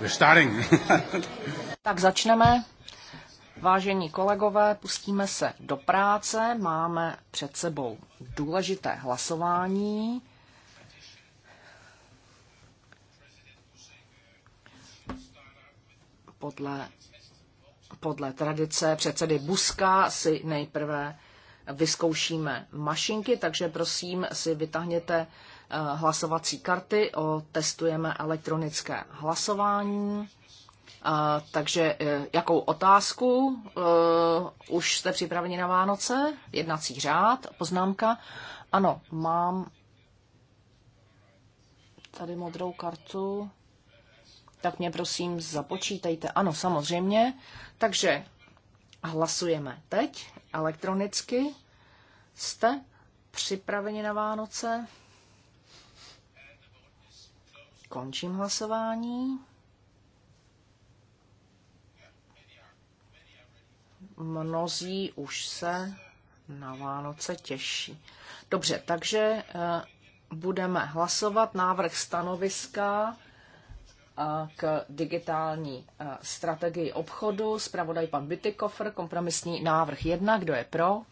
We're starting. tak začneme. Vážení kolegové, pustíme se do práce. Máme před sebou důležité hlasování. Podle, podle tradice předsedy Buska si nejprve vyzkoušíme mašinky, takže prosím si vytáhněte Eh, hlasovací karty, otestujeme elektronické hlasování. Eh, takže eh, jakou otázku? Už jste připraveni na Vánoce? Jednací řád, poznámka. Ano, mám tady modrou kartu. Tak mě prosím započítejte. Ano, samozřejmě. Takže hlasujeme teď elektronicky. Jste připraveni na Vánoce? Končím hlasování. Mnozí už se na Vánoce těší. Dobře, takže eh, budeme hlasovat návrh stanoviska eh, k digitální eh, strategii obchodu. Spravodaj pan Bytykofer, kompromisní návrh 1. Kdo je pro?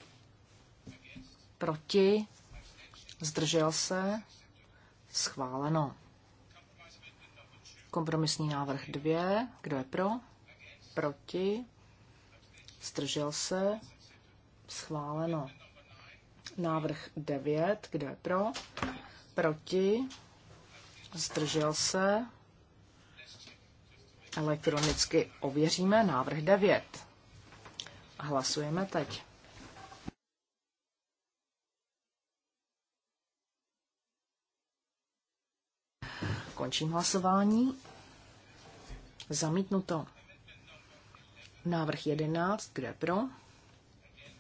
Proti? Zdržel se? Schváleno. Kompromisní návrh 2. Kdo je pro? Proti? Stržel se? Schváleno. Návrh 9. Kdo je pro? Proti? Zdržel se? Elektronicky ověříme návrh 9. Hlasujeme teď. Končím hlasování. Zamítnuto. Návrh 11, kde pro?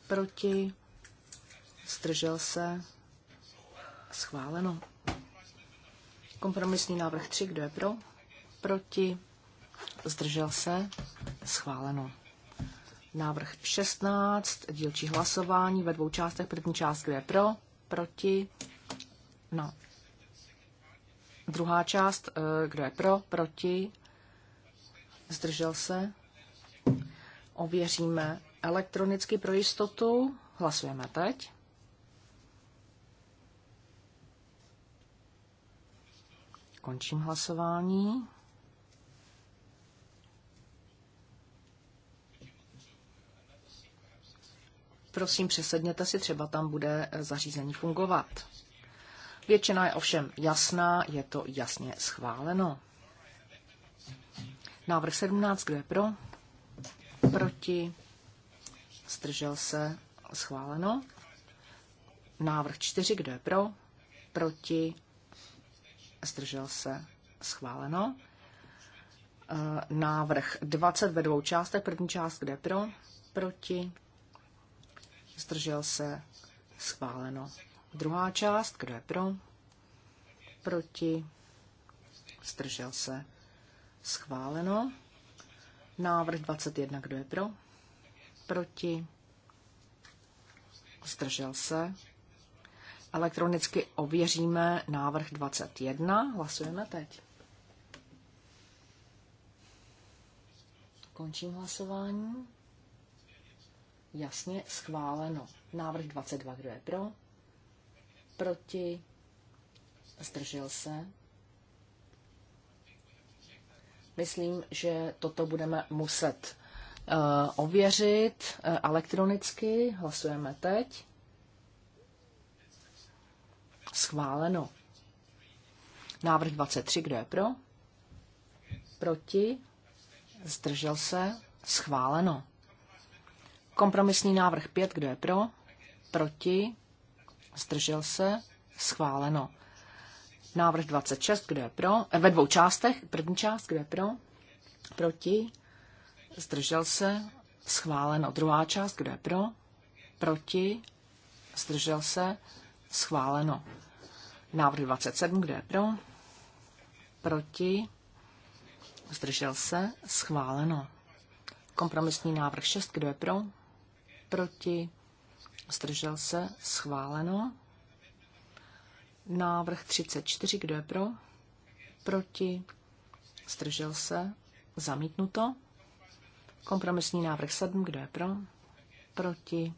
Proti? Zdržel se? Schváleno. Kompromisní návrh 3, kdo je pro? Proti? Zdržel se? Schváleno. Návrh 16, dílčí hlasování ve dvou částech. První část, kdo je pro? Proti? No, Druhá část, eh, kdo je pro, proti, zdržel se. Ověříme elektronicky pro jistotu. Hlasujeme teď. Končím hlasování. Prosím, přesedněte si, třeba tam bude eh, zařízení fungovat. Většina je ovšem jasná, je to jasně schváleno. Návrh 17, kdo je pro? Proti? Zdržel se? Schváleno. Návrh 4, kdo je pro? Proti? Zdržel se? Schváleno. Eh, návrh 20 ve dvou částech. První část, kde pro? Proti? Zdržel se? Schváleno. Druhá část, kdo je pro? Proti? Zdržel se. Schváleno. Návrh 21, kdo je pro? Proti? Zdržel se. Elektronicky ověříme návrh 21. Hlasujeme teď. Končím hlasování. Jasně schváleno. Návrh 22, kdo je pro? proti, zdržel se. Myslím, že toto budeme muset uh, ověřit uh, elektronicky. Hlasujeme teď. Schváleno. Návrh 23, kdo je pro? Proti? Zdržel se? Schváleno. Kompromisní návrh 5, kdo je pro? Proti? zdržel se, schváleno. Návrh 26, kdo je pro, eh, ve dvou částech, první část, kdo je pro, proti, zdržel se, schváleno. Druhá část, kdo je pro, proti, zdržel se, schváleno. Návrh 27, kdo je pro, proti, zdržel se, schváleno. Kompromisní návrh 6, kdo je pro, proti, Zdržel se? Schváleno. Návrh 34. Kdo je pro? Proti? Zdržel se? Zamítnuto. Kompromisní návrh 7. Kdo je pro? Proti?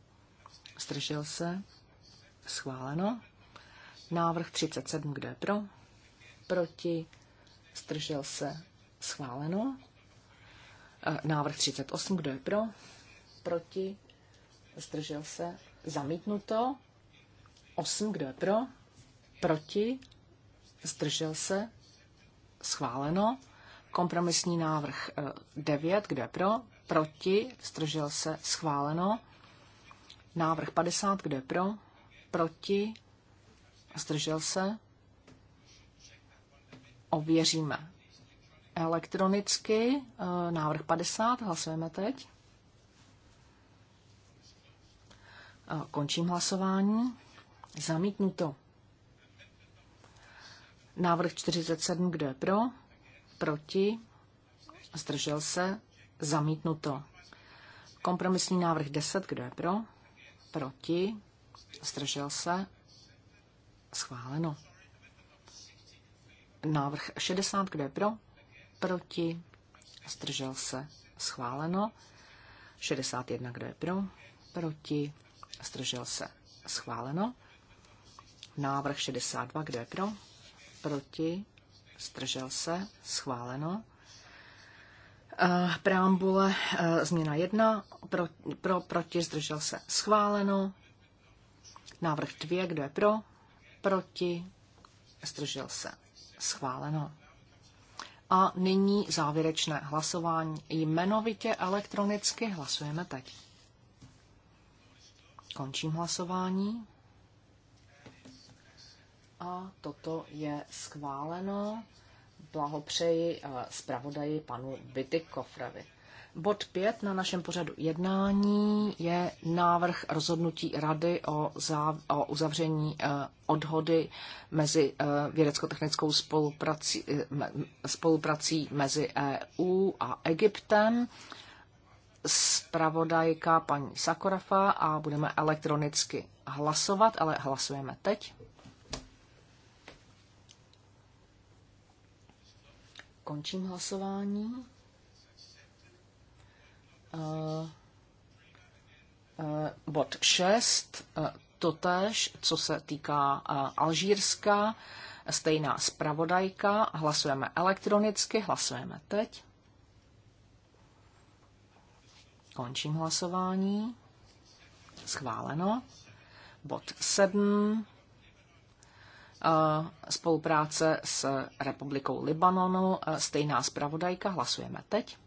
Zdržel se? Schváleno. Návrh 37. Kdo je pro? Proti? Zdržel se? Schváleno. Eh, návrh 38. Kdo je pro? Proti? Zdržel se? zamítnuto. 8, kdo je pro, proti, zdržel se, schváleno. Kompromisní návrh 9, eh, kdo je pro, proti, zdržel se, schváleno. Návrh 50, kdo je pro, proti, zdržel se. Ověříme elektronicky eh, návrh 50, hlasujeme teď. Končím hlasování. Zamítnuto. Návrh 47, kdo je pro? Proti? Zdržel se? Zamítnuto. Kompromisní návrh 10, kdo je pro? Proti? Zdržel se? Schváleno. Návrh 60, kdo je pro? Proti? Zdržel se? Schváleno. 61, kdo je pro? Proti? Zdržel se. Schváleno. Návrh 62. Kdo je pro? Proti. Zdržel se. Schváleno. Uh, preambule uh, změna 1. Pro, pro, proti. Zdržel se. Schváleno. Návrh 2. Kdo je pro? Proti. Zdržel se. Schváleno. A nyní závěrečné hlasování. Jmenovitě elektronicky hlasujeme teď. Končím hlasování. A toto je schváleno. Blahopřeji eh, zpravodaji panu Kofravi. Bod 5 na našem pořadu jednání je návrh rozhodnutí Rady o, záv- o uzavření eh, odhody mezi eh, vědecko-technickou spoluprací, eh, spoluprací mezi EU a Egyptem. Eh, zpravodajka paní Sakorafa a budeme elektronicky hlasovat, ale hlasujeme teď. Končím hlasování. Uh, uh, bod 6, uh, eh, totéž, co se týká uh, Alžírska, stejná zpravodajka, hlasujeme elektronicky, hlasujeme teď. Končím hlasování. Schváleno. Bod 7. Eh, spolupráce s Republikou Libanonu. Eh, stejná zpravodajka. Hlasujeme teď.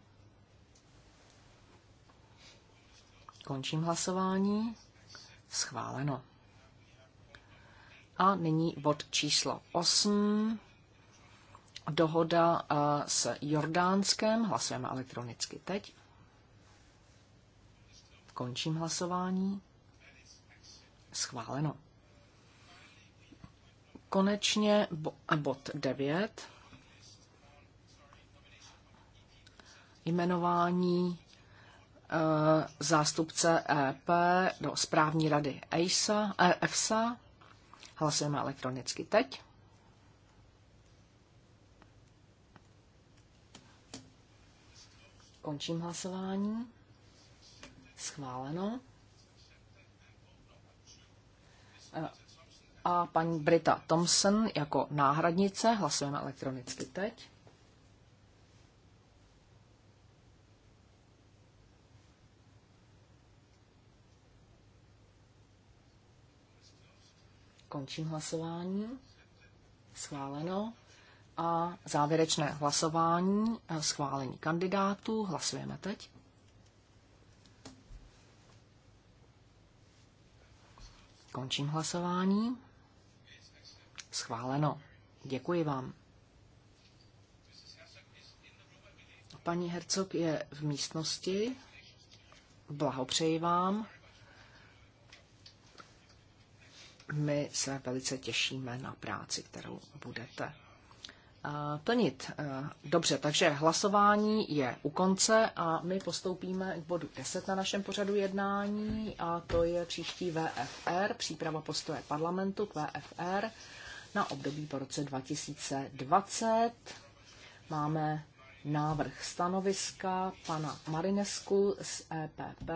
Končím hlasování. Schváleno. A nyní bod číslo 8. Dohoda eh, s Jordánskem. Hlasujeme elektronicky teď. Končím hlasování. Schváleno. Konečně bod 9. Jmenování eh, zástupce EP do správní rady EISA, eh, EFSA. Hlasujeme elektronicky teď. Končím hlasování. Schváleno. A paní Brita Thompson jako náhradnice. Hlasujeme elektronicky teď. končím hlasování. Schváleno. A závěrečné hlasování, eh, schválení kandidátů. Hlasujeme teď. Končím hlasování. Schváleno. Děkuji vám. Paní Hercog je v místnosti. Blahopřeji vám. My se velice těšíme na práci, kterou budete Eh, plnit. Eh, dobře, takže hlasování je u konce a my postoupíme k bodu 10 na našem pořadu jednání a to je příští VFR, příprava postoje parlamentu k VFR na období po roce 2020. Máme návrh stanoviska pana Marinesku z EPP.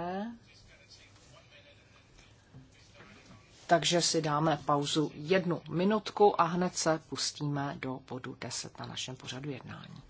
Takže si dáme pauzu jednu minutku a hned se pustíme do bodu 10 na našem pořadu jednání.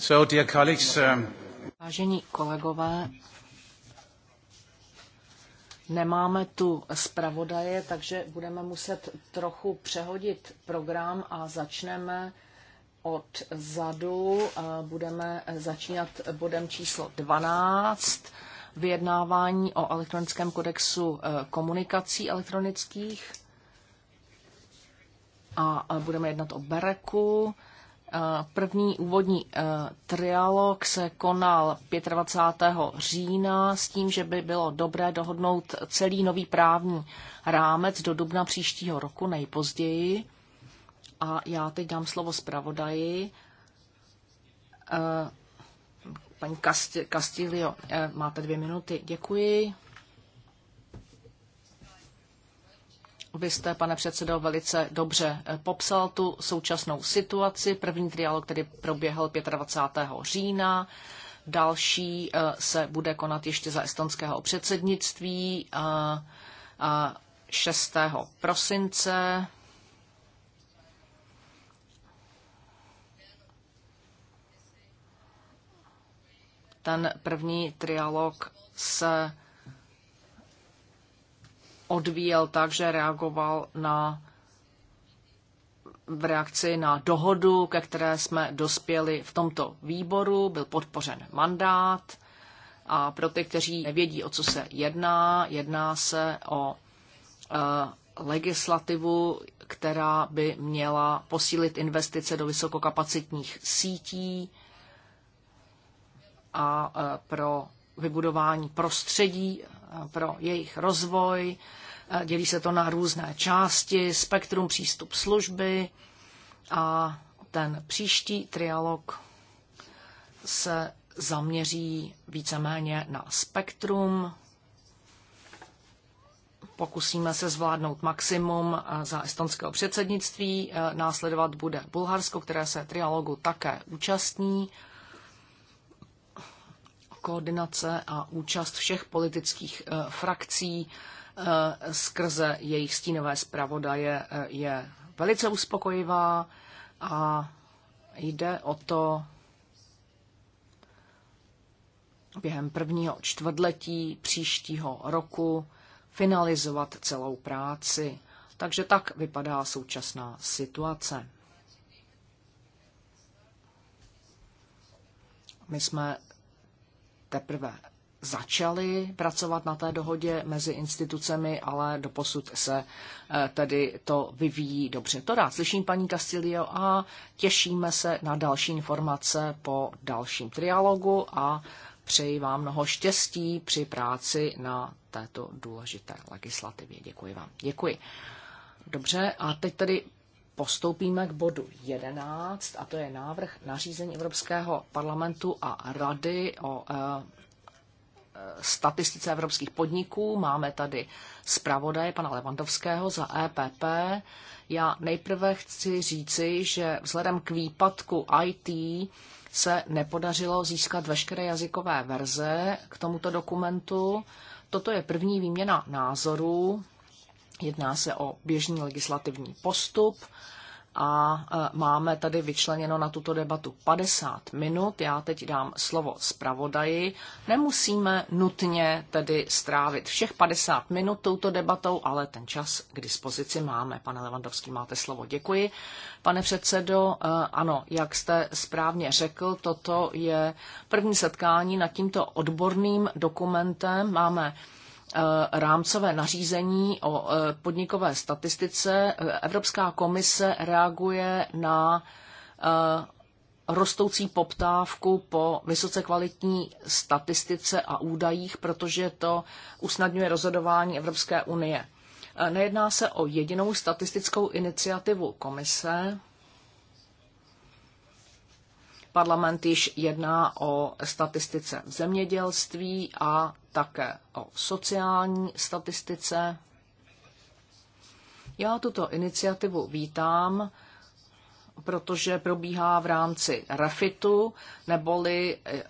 So, dear colleagues, um, Vážení kolegové, nemáme tu zpravodaje, takže budeme muset trochu přehodit program a začneme od zadu. Budeme začínat bodem číslo 12, vyjednávání o elektronickém kodexu eh, komunikací elektronických a budeme jednat o Bereku. Eh, první úvodní eh, trialog se konal 25. října s tím, že by bylo dobré dohodnout celý nový právní rámec do dubna příštího roku nejpozději. A já teď dám slovo zpravodaji. Eh, paní Castilio, máte dvě minuty. Děkuji. Vy jste, pane předsedo, velice dobře eh, popsal tu současnou situaci. První trialog tedy proběhl 25. října. Další eh, se bude konat ještě za estonského předsednictví 6. Eh, prosince. Ten první trialog se odvíjel tak, že reagoval na v reakci na dohodu, ke které jsme dospěli v tomto výboru, byl podpořen mandát. A pro ty, kteří nevědí, o co se jedná, jedná se o e, legislativu, která by měla posílit investice do vysokokapacitních sítí a e, pro vybudování prostředí pro jejich rozvoj. Eh, Dělí se to na různé části, spektrum přístup služby a ten příští trialog se zaměří víceméně na spektrum. Pokusíme se zvládnout maximum eh, za estonského předsednictví. Eh, Následovat bude Bulharsko, které se trialogu také účastní koordinace a účast všech politických eh, frakcí eh, skrze jejich stínové zpravodaje eh, je velice uspokojivá a jde o to během prvního čtvrtletí příštího roku finalizovat celou práci. Takže tak vypadá současná situace. My jsme teprve začali pracovat na té dohodě mezi institucemi, ale doposud se eh, tedy to vyvíjí dobře. To rád slyším, paní Castilio, a těšíme se na další informace po dalším trialogu a přeji vám mnoho štěstí při práci na této důležité legislativě. Děkuji vám. Děkuji. Dobře, a teď tedy postoupíme k bodu 11, a to je návrh nařízení Evropského parlamentu a rady o e, statistice evropských podniků. Máme tady zpravodaje pana Levandovského za EPP. Já nejprve chci říci, že vzhledem k výpadku IT se nepodařilo získat veškeré jazykové verze k tomuto dokumentu. Toto je první výměna názorů Jedná se o běžný legislativní postup a e, máme tady vyčleněno na tuto debatu 50 minut. Já teď dám slovo zpravodaji. Nemusíme nutně tedy strávit všech 50 minut touto debatou, ale ten čas k dispozici máme. Pane Levandovský, máte slovo. Děkuji. Pane předsedo, e, ano, jak jste správně řekl, toto je první setkání nad tímto odborným dokumentem. Máme Eh, rámcové nařízení o eh, podnikové statistice eh, Evropská komise reaguje na rostoucí poptávku po vysoce kvalitní statistice a údajích, protože to usnadňuje rozhodování Evropské unie. Nejedná se o jedinou statistickou iniciativu komise, Parlament již jedná o statistice v zemědělství a také o sociální statistice. Já tuto iniciativu vítám, protože probíhá v rámci refitu, neboli e,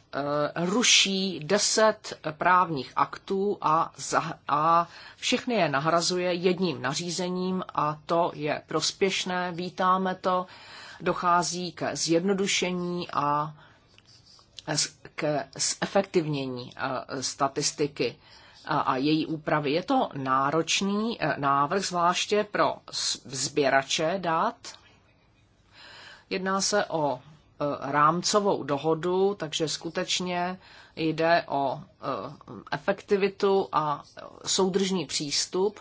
ruší deset právních aktů a, za, a všechny je nahrazuje jedním nařízením a to je prospěšné, vítáme to. E, dochází ke zjednodušení a k zefektivnění e, statistiky e, a její úpravy. Je to náročný e, návrh, zvláště pro sběrače dát. Jedná se o rámcovou dohodu, takže skutečně jde o efektivitu a soudržný přístup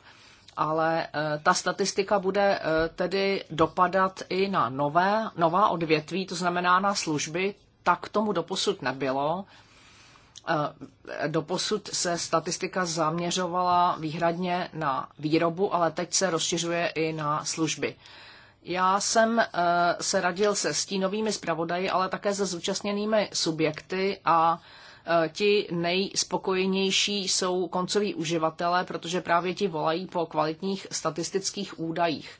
ale eh, ta statistika bude eh, tedy dopadat i na nové, nová odvětví, to znamená na služby. Tak tomu doposud nebylo. Eh, doposud se statistika zaměřovala výhradně na výrobu, ale teď se rozšiřuje i na služby. Já jsem se radil se stínovými zpravodaji, ale také se zúčastněnými subjekty a Eh, ti nejspokojenější jsou koncoví uživatelé, protože právě ti volají po kvalitních statistických údajích.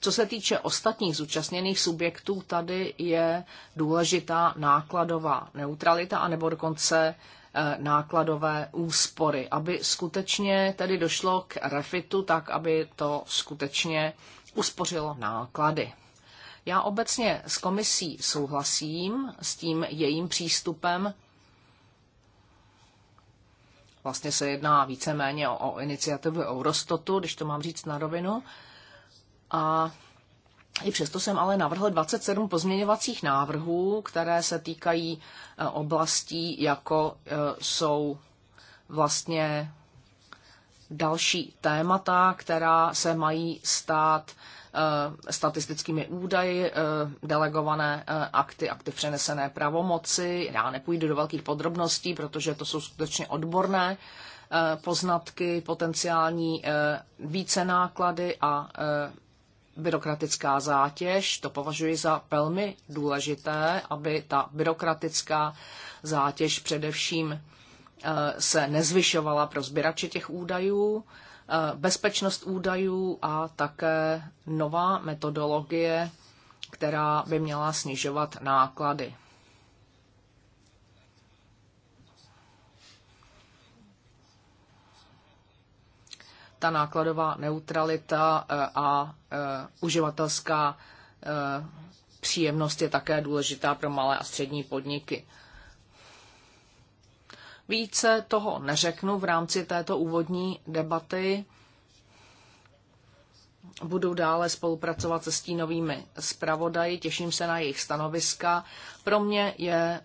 Co se týče ostatních zúčastněných subjektů, tady je důležitá nákladová neutralita anebo dokonce eh, nákladové úspory, aby skutečně tedy došlo k refitu tak, aby to skutečně uspořilo náklady. Já obecně s komisí souhlasím s tím jejím přístupem Vlastně se jedná víceméně o, o iniciativu Eurostotu, když to mám říct na rovinu. A i přesto jsem ale navrhl 27 pozměňovacích návrhů, které se týkají e, oblastí, jako e, jsou vlastně další témata, která se mají stát eh, statistickými údaji, eh, delegované eh, akty, akty přenesené pravomoci. Já nepůjdu do velkých podrobností, protože to jsou skutečně odborné poznatky, potenciální více náklady a byrokratická zátěž. To považuji za velmi důležité, aby ta byrokratická zátěž především se nezvyšovala pro sběrače těch údajů, eh, bezpečnost údajů a také nová metodologie, která by měla snižovat náklady. ta nákladová neutralita eh, a eh, uživatelská příjemnost je také důležitá pro malé a střední podniky. Více toho neřeknu v rámci této úvodní debaty. Budu dále spolupracovat se stínovými zpravodaji, těším se na jejich stanoviska. Pro mě je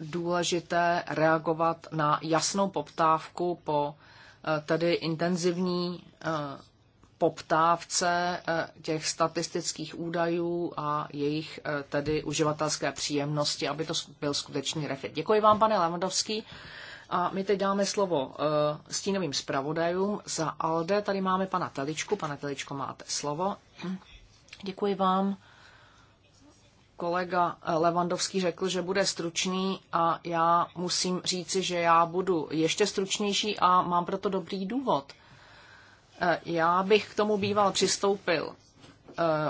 důležité reagovat na jasnou poptávku po eh, tedy intenzivní eh, poptávce eh, těch statistických údajů a jejich tedy uživatelské příjemnosti, aby to byl skutečný refit. Děkuji vám, pane Levandovský. A my teď dáme slovo uh, stínovým zpravodajům za ALDE. Tady máme pana Teličku. Pane Teličko, máte slovo. Děkuji vám. Kolega eh, Levandovský řekl, že bude stručný a já musím říci, že já budu ještě stručnější a mám proto dobrý důvod. Eh, já bych k tomu býval přistoupil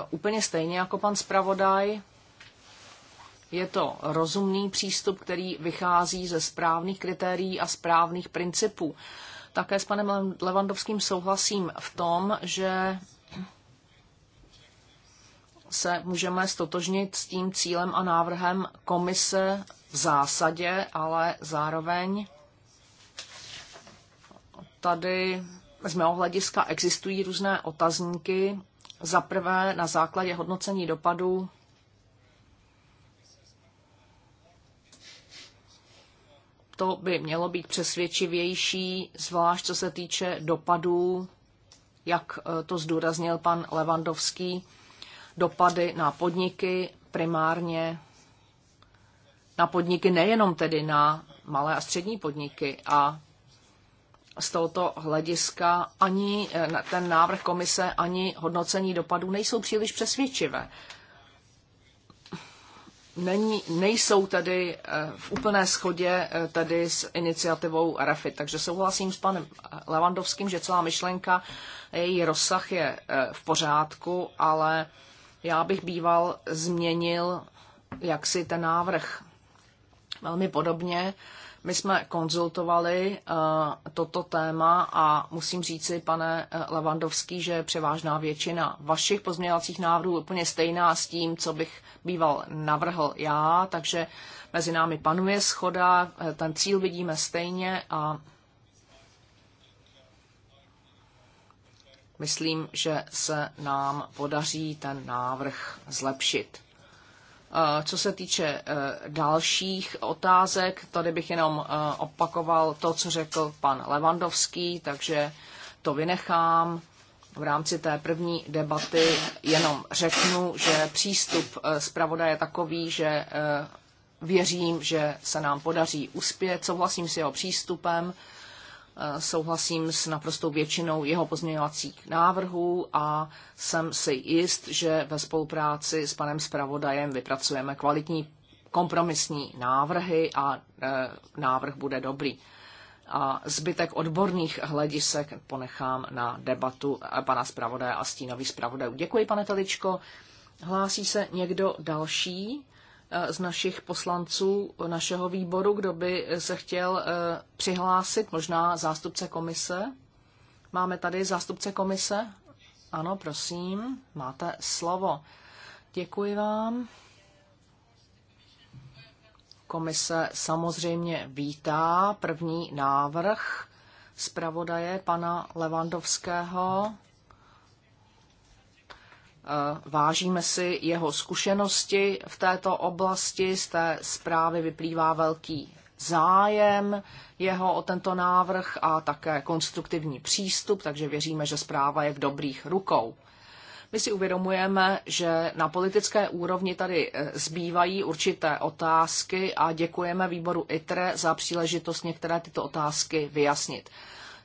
úplně stejně jako pan zpravodaj je to rozumný přístup, který vychází ze správných kritérií a správných principů. Také s panem Levandovským souhlasím v tom, že se můžeme stotožnit s tím cílem a návrhem komise v zásadě, ale zároveň tady z mého hlediska existují různé otazníky. Za prvé na základě hodnocení dopadu to by mělo být přesvědčivější, zvlášť co se týče dopadů, jak e, to zdůraznil pan Levandovský, dopady na podniky primárně, na podniky nejenom tedy na malé a střední podniky a z tohoto hlediska ani e, ten návrh komise, ani hodnocení dopadů nejsou příliš přesvědčivé není, nejsou tady eh, v úplné schodě eh, tady s iniciativou RAFIT. Takže souhlasím s panem Levandovským, že celá myšlenka, její rozsah je eh, v pořádku, ale já bych býval změnil jaksi ten návrh velmi podobně my jsme konzultovali eh, toto téma a musím říci, pane eh, Levandovský, že převážná většina vašich pozměňovacích návrhů úplně stejná s tím, co bych býval navrhl já, takže mezi námi panuje schoda, eh, ten cíl vidíme stejně a myslím, že se nám podaří ten návrh zlepšit. Eh, co se týče eh, dalších otázek, tady bych jenom eh, opakoval to, co řekl pan Levandovský, takže to vynechám. V rámci té první debaty jenom řeknu, že přístup zpravoda je takový, že věřím, že se nám podaří uspět, souhlasím s jeho přístupem Eh, souhlasím s naprostou většinou jeho pozměňovacích návrhů a jsem si jist, že ve spolupráci s panem zpravodajem vypracujeme kvalitní kompromisní návrhy a eh, návrh bude dobrý. A zbytek odborných hledisek ponechám na debatu eh, pana zpravodaje a stínových zpravodajů. Děkuji, pane Teličko. Hlásí se někdo další? Eh, z našich poslanců našeho výboru, kdo by se chtěl eh, přihlásit, možná zástupce komise. Máme tady zástupce komise? Ano, prosím, máte slovo. Děkuji vám. Komise samozřejmě vítá první návrh zpravodaje pana Levandovského Eh, vážíme si jeho zkušenosti v této oblasti. Z té zprávy vyplývá velký zájem jeho o tento návrh a také konstruktivní přístup, takže věříme, že zpráva je v dobrých rukou. My si uvědomujeme, že na politické úrovni tady eh, zbývají určité otázky a děkujeme výboru ITRE za příležitost některé tyto otázky vyjasnit.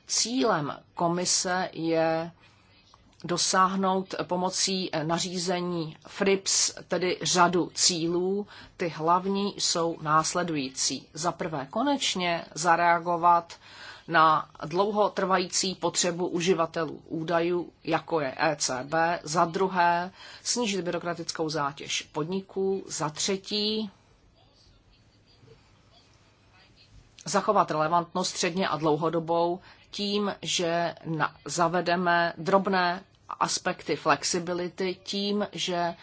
Cílem komise je dosáhnout pomocí nařízení FRIPS, tedy řadu cílů. Ty hlavní jsou následující. Za prvé, konečně zareagovat na dlouhotrvající potřebu uživatelů údajů, jako je ECB, za druhé snížit byrokratickou zátěž podniků, za třetí zachovat relevantnost středně a dlouhodobou tím, že na, zavedeme drobné aspekty flexibility tím, že eh,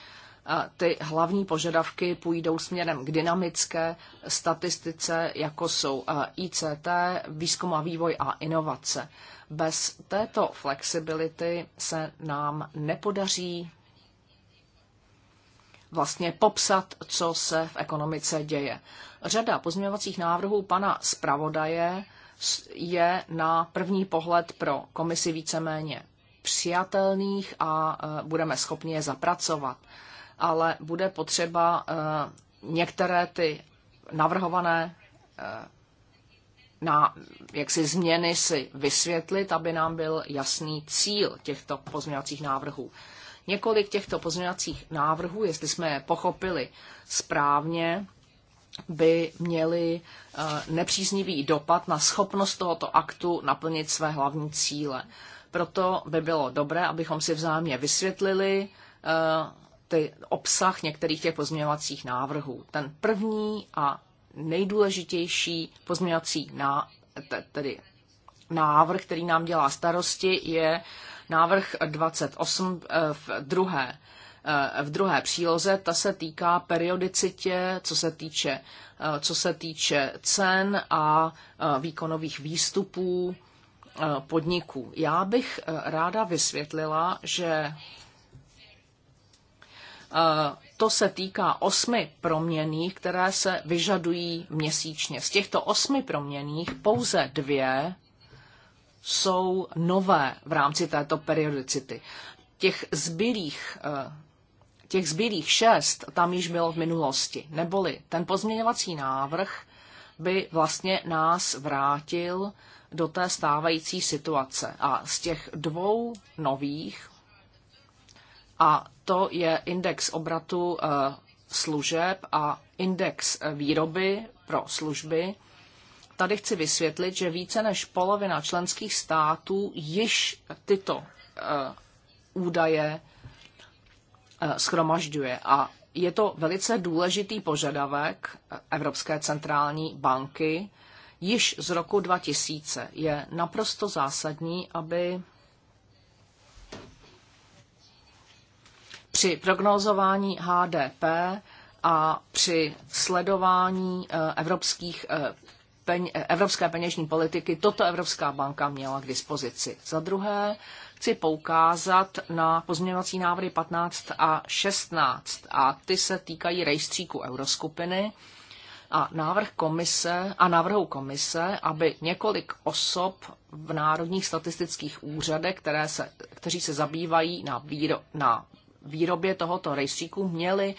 ty hlavní požadavky půjdou směrem k dynamické statistice, jako jsou eh, ICT, výzkum a vývoj a inovace. Bez této flexibility se nám nepodaří vlastně popsat, co se v ekonomice děje. Řada pozměňovacích návrhů pana zpravodaje je na první pohled pro komisi víceméně přijatelných a eh, budeme schopni je zapracovat. Ale bude potřeba eh, některé ty navrhované eh, na jaksi změny si vysvětlit, aby nám byl jasný cíl těchto pozměňovacích návrhů. Několik těchto pozměňovacích návrhů, jestli jsme je pochopili správně, by měly nepříznivý dopad na schopnost tohoto aktu naplnit své hlavní cíle. Proto by bylo dobré, abychom si vzájemně vysvětlili eh, ty obsah některých těch pozměňovacích návrhů. Ten první a nejdůležitější pozměňovací ná, tedy návrh, který nám dělá starosti, je návrh 28 eh, v druhé, eh, v druhé příloze. Ta se týká periodicitě, co se týče, co se týče cen a výkonových výstupů Eh, podniků. Já bych eh, ráda vysvětlila, že eh, to se týká osmi proměných, které se vyžadují měsíčně. Z těchto osmi proměných pouze dvě jsou nové v rámci této periodicity. Těch zbylých, těch zbylých šest tam již bylo v minulosti. Neboli ten pozměňovací návrh by vlastně nás vrátil do té stávající situace. A z těch dvou nových, a to je index obratu eh, služeb a index výroby pro služby, tady chci vysvětlit, že více než polovina členských států již tyto eh, údaje eh, schromažďuje. A je to velice důležitý požadavek Evropské centrální banky, již z roku 2000. Je naprosto zásadní, aby při prognózování HDP a při sledování eh, evropských eh, eh, evropské peněžní politiky toto Evropská banka měla k dispozici. Za druhé chci poukázat na pozměňovací návrhy 15 a 16 a ty se týkají rejstříku euroskupiny a návrh komise a návrhu komise, aby několik osob v národních statistických úřadech, které se, kteří se zabývají na, výro, na výrobě tohoto rejstříku, měli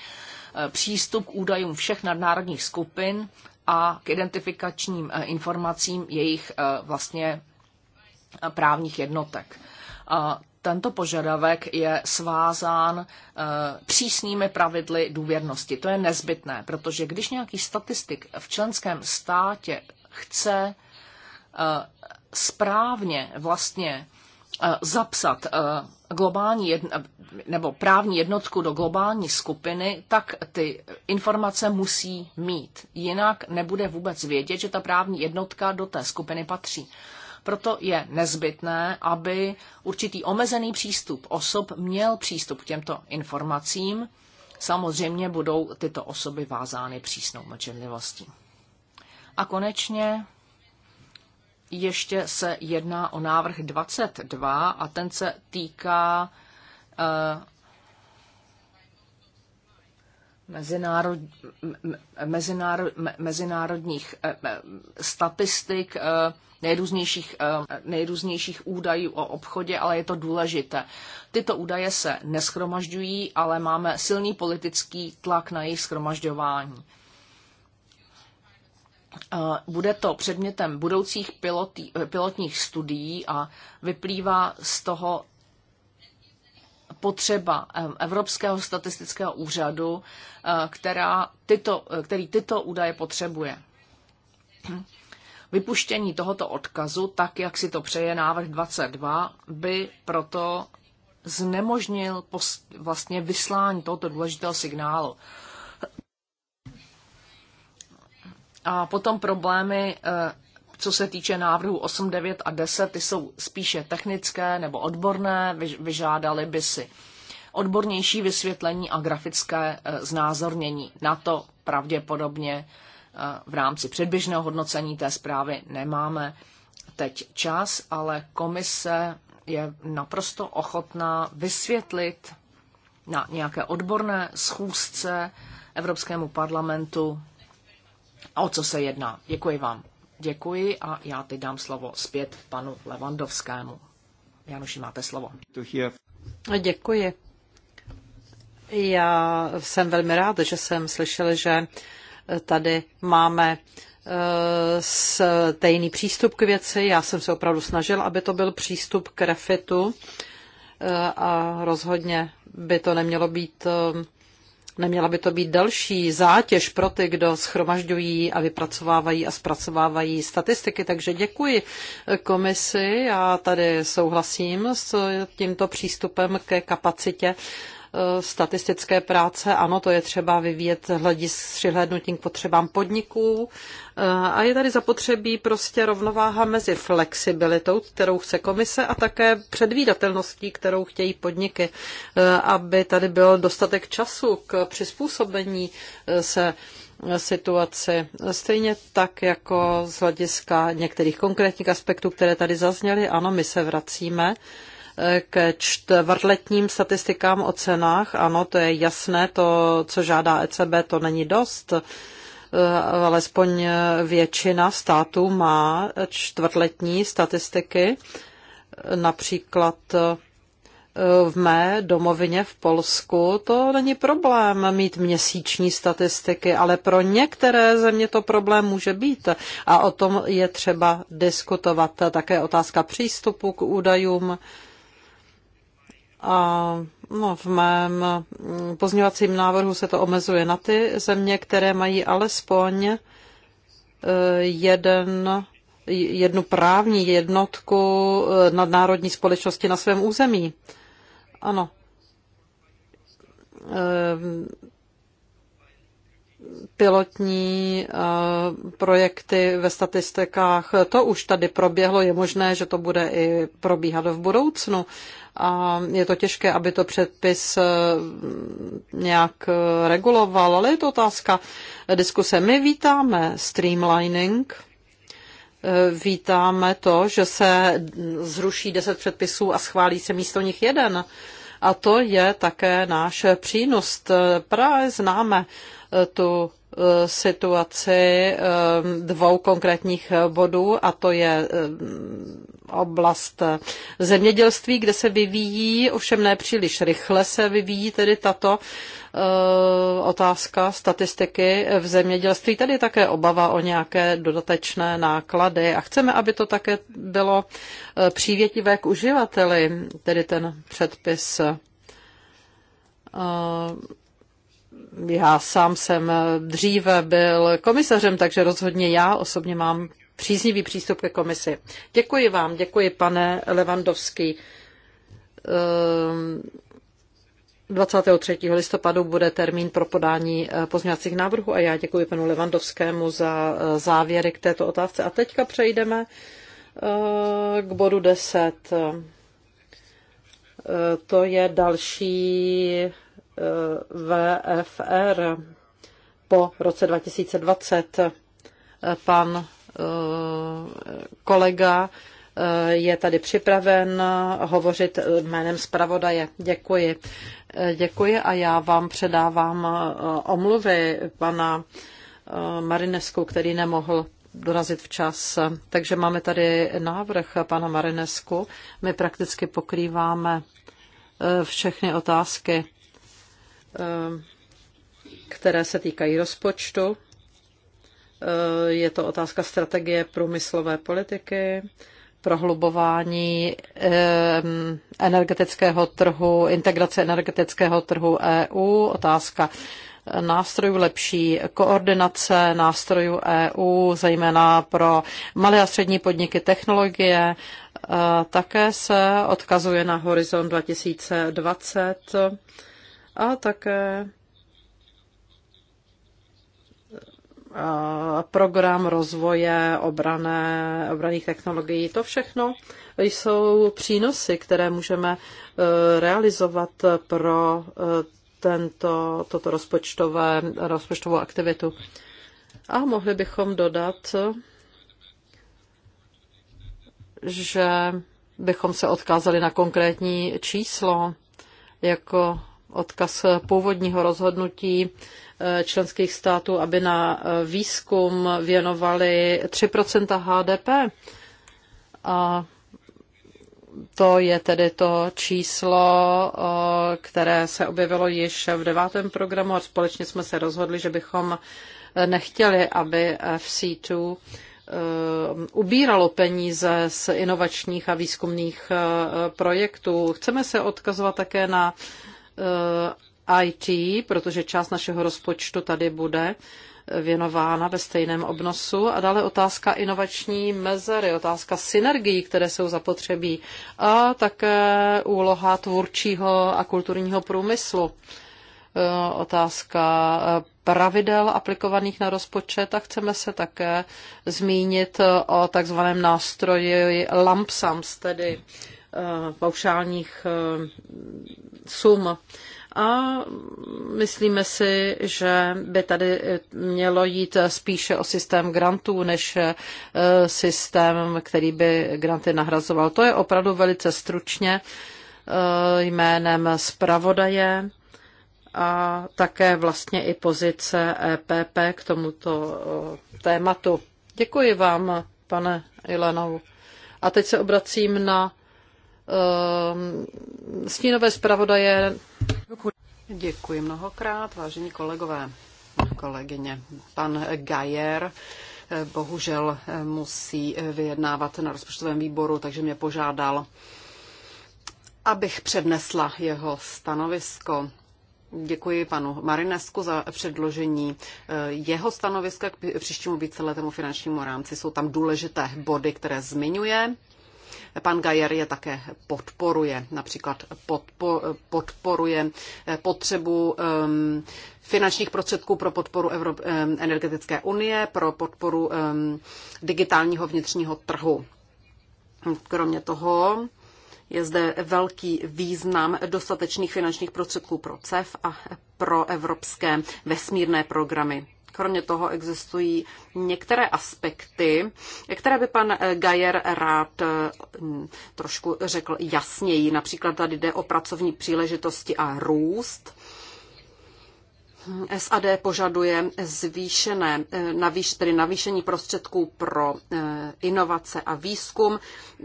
e, přístup k údajům všech nadnárodních skupin a k identifikačním e, informacím jejich e, vlastně právních jednotek tento požadavek je svázán eh, přísnými pravidly důvěrnosti. To je nezbytné, protože když nějaký statistik v členském státě chce eh, správně vlastně eh, zapsat globální jedno, nebo právní jednotku do globální skupiny, tak ty informace musí mít. Jinak nebude vůbec vědět, že ta právní jednotka do té skupiny patří. Proto je nezbytné, aby určitý omezený přístup osob měl přístup k těmto informacím. Samozřejmě budou tyto osoby vázány přísnou mlčenlivostí. A konečně ještě se jedná o návrh 22 a ten se týká eh, mezinárod, mezinárod, mezinárodních eh, eh, statistik, eh, nejrůznějších, nejrůznějších údajů o obchodě, ale je to důležité. Tyto údaje se neschromažďují, ale máme silný politický tlak na jejich schromažďování. Bude to předmětem budoucích pilotí, pilotních studií a vyplývá z toho potřeba Evropského statistického úřadu, eh, která tyto, eh, který tyto údaje potřebuje. Vypuštění tohoto odkazu, tak jak si to přeje návrh 22, by proto znemožnil vlastně vyslání tohoto důležitého signálu. A potom problémy eh, co se týče návrhu 8, 9 a 10, ty jsou spíše technické nebo odborné, vyžádali by si odbornější vysvětlení a grafické e, znázornění. Na to pravděpodobně e, v rámci předběžného hodnocení té zprávy nemáme teď čas, ale komise je naprosto ochotná vysvětlit na nějaké odborné schůzce Evropskému parlamentu, o co se jedná. Děkuji vám. Děkuji a já teď dám slovo zpět panu Levandovskému. Januši, máte slovo. No, děkuji. Já jsem velmi rád, že jsem slyšel, že tady máme eh, stejný přístup k věci. Já jsem se opravdu snažil, aby to byl přístup k refitu eh, a rozhodně by to nemělo být eh, Neměla by to být další zátěž pro ty, kdo schromažďují a vypracovávají a zpracovávají statistiky. Takže děkuji komisi. a tady souhlasím s tímto přístupem ke kapacitě Eh, statistické práce. Ano, to je třeba vyvíjet hledis s přihlédnutím k potřebám podniků. Eh, a je tady zapotřebí prostě rovnováha mezi flexibilitou, kterou chce komise, a také předvídatelností, kterou chtějí podniky, eh, aby tady byl dostatek času k přizpůsobení se situaci. Stejně tak jako z hlediska některých konkrétních aspektů, které tady zazněly, ano, my se vracíme k čtvrtletním statistikám o cenách. Ano, to je jasné, to, co žádá ECB, to není dost. Eh, alespoň většina států má čtvrtletní statistiky. Například eh, v mé domovině v Polsku to není problém mít měsíční statistiky, ale pro některé země to problém může být a o tom je třeba diskutovat. Také otázka přístupu k údajům. A no, v mém pozměňovacím návrhu se to omezuje na ty země, které mají alespoň e, jeden, jednu právní jednotku e, nadnárodní společnosti na svém území. Ano. E, pilotní projekty ve statistikách, to už tady proběhlo, je možné, že to bude i probíhat v budoucnu, a je to těžké, aby to předpis eh, nějak eh, reguloval, ale je to otázka diskuse. My vítáme streamlining, eh, vítáme to, že se zruší deset předpisů a schválí se místo nich jeden. A to je také náš přínos. Právě známe tu Eh, situaci eh, dvou konkrétních bodů, a to je eh, oblast zemědělství, kde se vyvíjí, ovšem ne příliš rychle se vyvíjí tedy tato otázka statistiky v zemědělství. Tady je také obava o nějaké dodatečné náklady a chceme, aby to také bylo přívětivé k uživateli, tedy ten předpis já sám jsem dříve byl komisařem, takže rozhodně já osobně mám příznivý přístup ke komisi. Děkuji vám, děkuji pane Levandovský. 23. Ehm, listopadu bude termín pro podání eh, pozměňovacích návrhů a já děkuji panu Levandovskému za eh, závěry k této otázce. A teďka přejdeme eh, k bodu 10. To je další VFR po roce 2020. Pan eh, kolega eh, je tady připraven hovořit jménem zpravodaje. Děkuji. Eh, děkuji a já vám předávám omluvy pana Marinesku, který nemohl dorazit včas. Takže máme tady návrh pana Marinesku. My prakticky pokrýváme všechny otázky Eh, které se týkají rozpočtu. Eh, je to otázka strategie průmyslové politiky, prohlubování eh, energetického trhu, integrace energetického trhu EU, otázka nástrojů lepší koordinace nástrojů EU, zejména pro malé a střední podniky technologie. Také se odkazuje na Horizon 2020 a také program rozvoje obrané, obraných technologií. To všechno jsou přínosy, které můžeme e, realizovat pro e, tento, toto rozpočtové, rozpočtovou aktivitu. A mohli bychom dodat, že bychom se odkázali na konkrétní číslo, jako odkaz původního rozhodnutí eh, členských států, aby na eh, výzkum věnovali 3 HDP. A to je tedy to číslo, eh, které se objevilo již v devátém programu a společně jsme se rozhodli, že bychom nechtěli, aby FC2 ubíralo peníze z inovačních a výzkumných projektů. Chceme se odkazovat také na Eh, IT, protože část našeho rozpočtu tady bude eh, věnována ve stejném obnosu. A dále otázka inovační mezery, otázka synergií, které jsou zapotřebí a také úloha tvůrčího a kulturního průmyslu. Eh, otázka pravidel aplikovaných na rozpočet a chceme se také zmínit o takzvaném nástroji lump sums, tedy Eh, paušálních eh, sum. A myslíme si, že by tady mělo jít spíše o systém grantů, než eh, systém, který by granty nahrazoval. To je opravdu velice stručně jménem zpravodaje a také vlastně i pozice EPP k tomuto tématu. Děkuji vám, pane Ilanou. A teď se obracím na Ehm, stínové zpravodaje. Děkuji mnohokrát, vážení kolegové, kolegyně. Pan Gajer eh, bohužel eh, musí eh, vyjednávat na rozpočtovém výboru, takže mě požádal, abych přednesla jeho stanovisko. Děkuji panu Marinesku za předložení jeho stanoviska k příštímu víceletému finančnímu rámci. Jsou tam důležité body, které zmiňuje. Pan Gajer je také podporuje, například podpo, podporuje potřebu um, finančních prostředků pro podporu Evrop, um, energetické unie, pro podporu um, digitálního vnitřního trhu. Kromě toho je zde velký význam dostatečných finančních prostředků pro CEF a pro evropské vesmírné programy. Kromě toho existují některé aspekty, které by pan eh, Gajer rád eh, trošku řekl jasněji. Například tady jde o pracovní příležitosti a růst. SAD požaduje zvýšené, navýš, tedy navýšení prostředků pro eh, inovace a výzkum,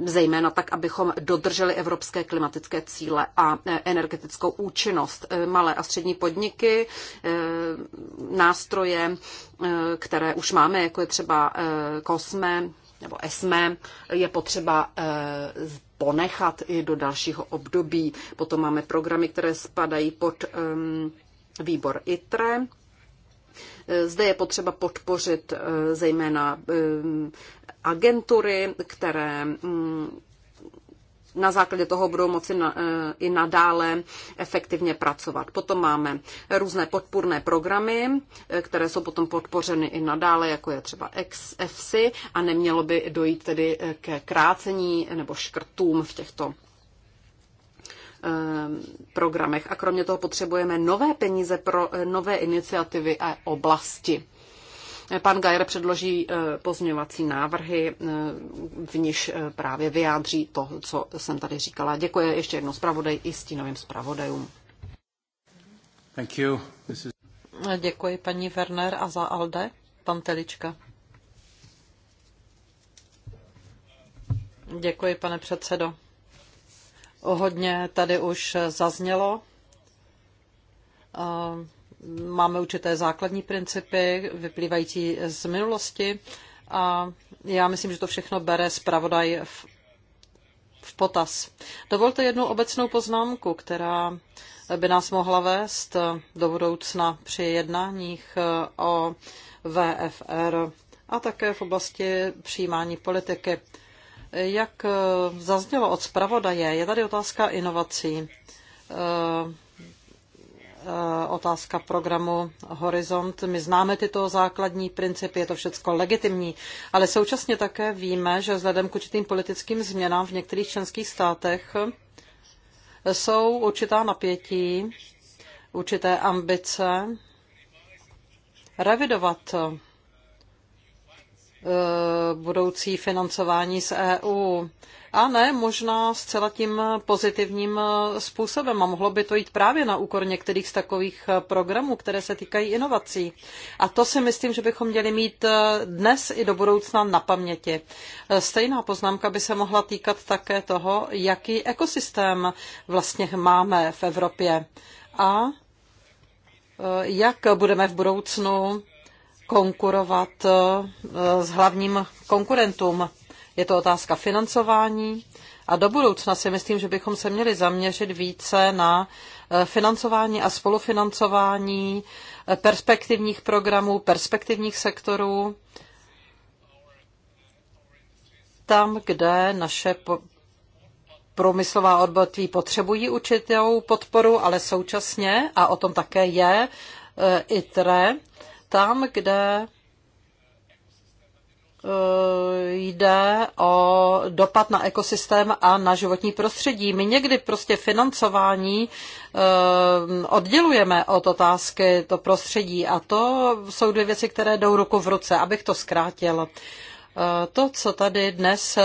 zejména tak, abychom dodrželi evropské klimatické cíle a eh, energetickou účinnost. Eh, malé a střední podniky, nástroje, které už máme, jako je třeba COSME nebo ESME, je potřeba ponechat i do dalšího období. Potom máme programy, které spadají pod um, výbor ITRE. Zde je potřeba podpořit eh, zejména eh, agentury, které mm, na základě toho budou moci na, eh, i nadále efektivně pracovat. Potom máme různé podpůrné programy, které jsou potom podpořeny i nadále, jako je třeba XFC a nemělo by dojít tedy ke krácení nebo škrtům v těchto Eh, programech. A kromě toho potřebujeme nové peníze pro eh, nové iniciativy a oblasti. Eh, pan Gajer předloží pozměňovací návrhy, v níž právě vyjádří to, co jsem tady říkala. Děkuji ještě jednou zpravodaj i stínovým zpravodajům. Thank you. Is... Děkuji paní Werner a za Alde, pan Telička. Děkuji, pane předsedo. Hodně tady už zaznělo. Máme určité základní principy vyplývající z minulosti a já myslím, že to všechno bere zpravodaj v, v potaz. Dovolte jednu obecnou poznámku, která by nás mohla vést do budoucna při jednáních o VFR a také v oblasti přijímání politiky. Jak eh, zaznělo od zpravodaje, je tady otázka inovací. Eh, eh, otázka programu Horizont. My známe tyto základní principy, je to všechno legitimní, ale současně také víme, že vzhledem k určitým politickým změnám v některých členských státech jsou určitá napětí, určité ambice revidovat Eh, budoucí financování z EU. A ne, možná zcela tím pozitivním eh, způsobem. A mohlo by to jít právě na úkor některých z takových eh, programů, které se týkají inovací. A to si myslím, že bychom měli mít dnes i do budoucna na paměti. Stejná poznámka by se mohla týkat také toho, jaký ekosystém vlastně máme v Evropě. A jak budeme v budoucnu konkurovat eh, s hlavním konkurentům. Je to otázka financování a do budoucna si myslím, že bychom se měli zaměřit více na eh, financování a spolufinancování eh, perspektivních programů, perspektivních sektorů, tam, kde naše průmyslová odvětví potřebují určitou podporu, ale současně, a o tom také je ITRE, tam, kde eh, jde o dopad na ekosystém a na životní prostředí. My někdy prostě financování eh, oddělujeme od otázky to prostředí a to jsou dvě věci, které jdou ruku v ruce, abych to zkrátil. Eh, to, co tady dnes